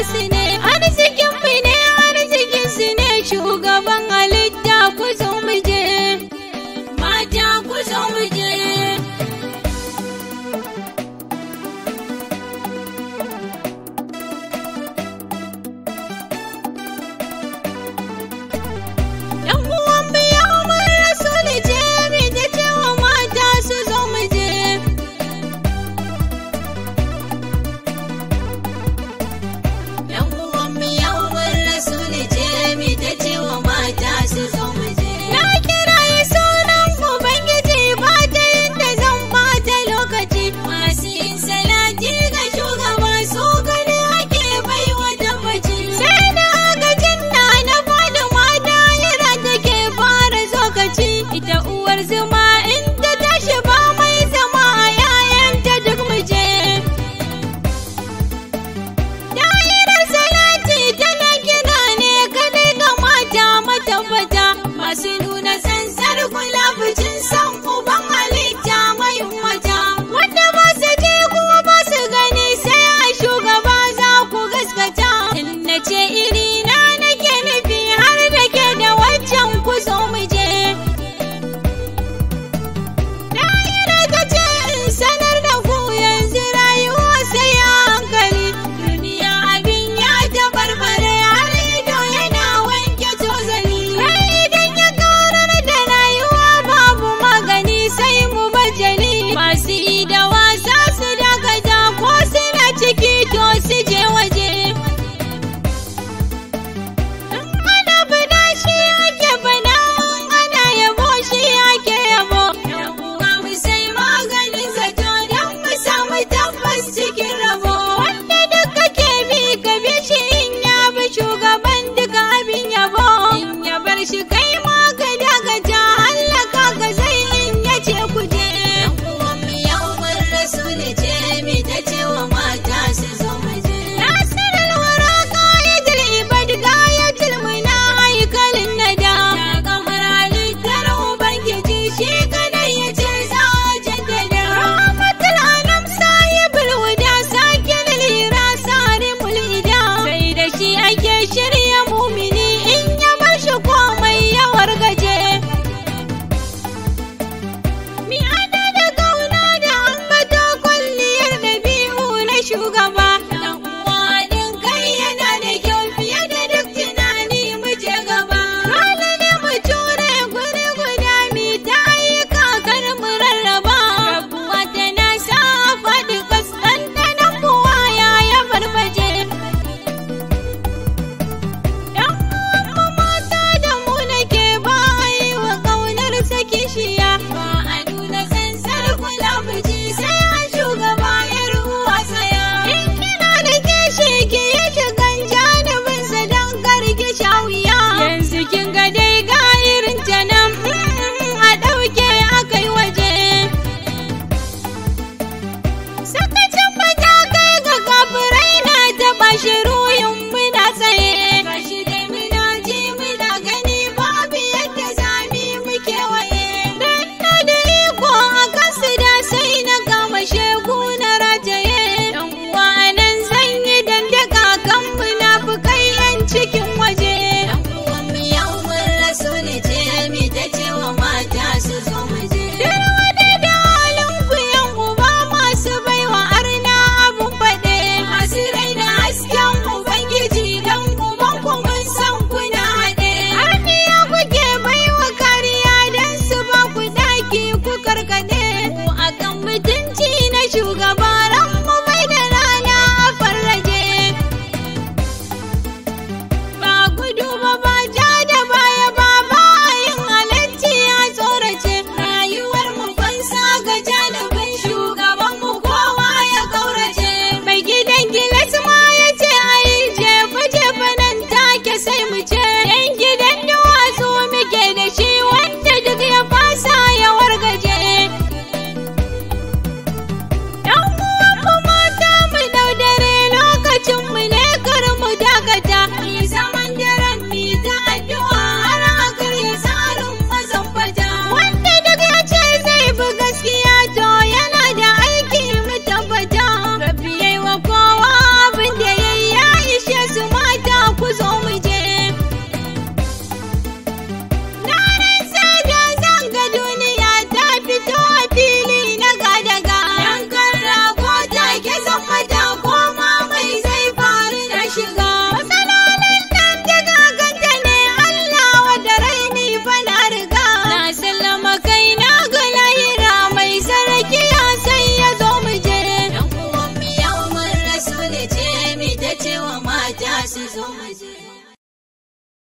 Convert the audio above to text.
listening.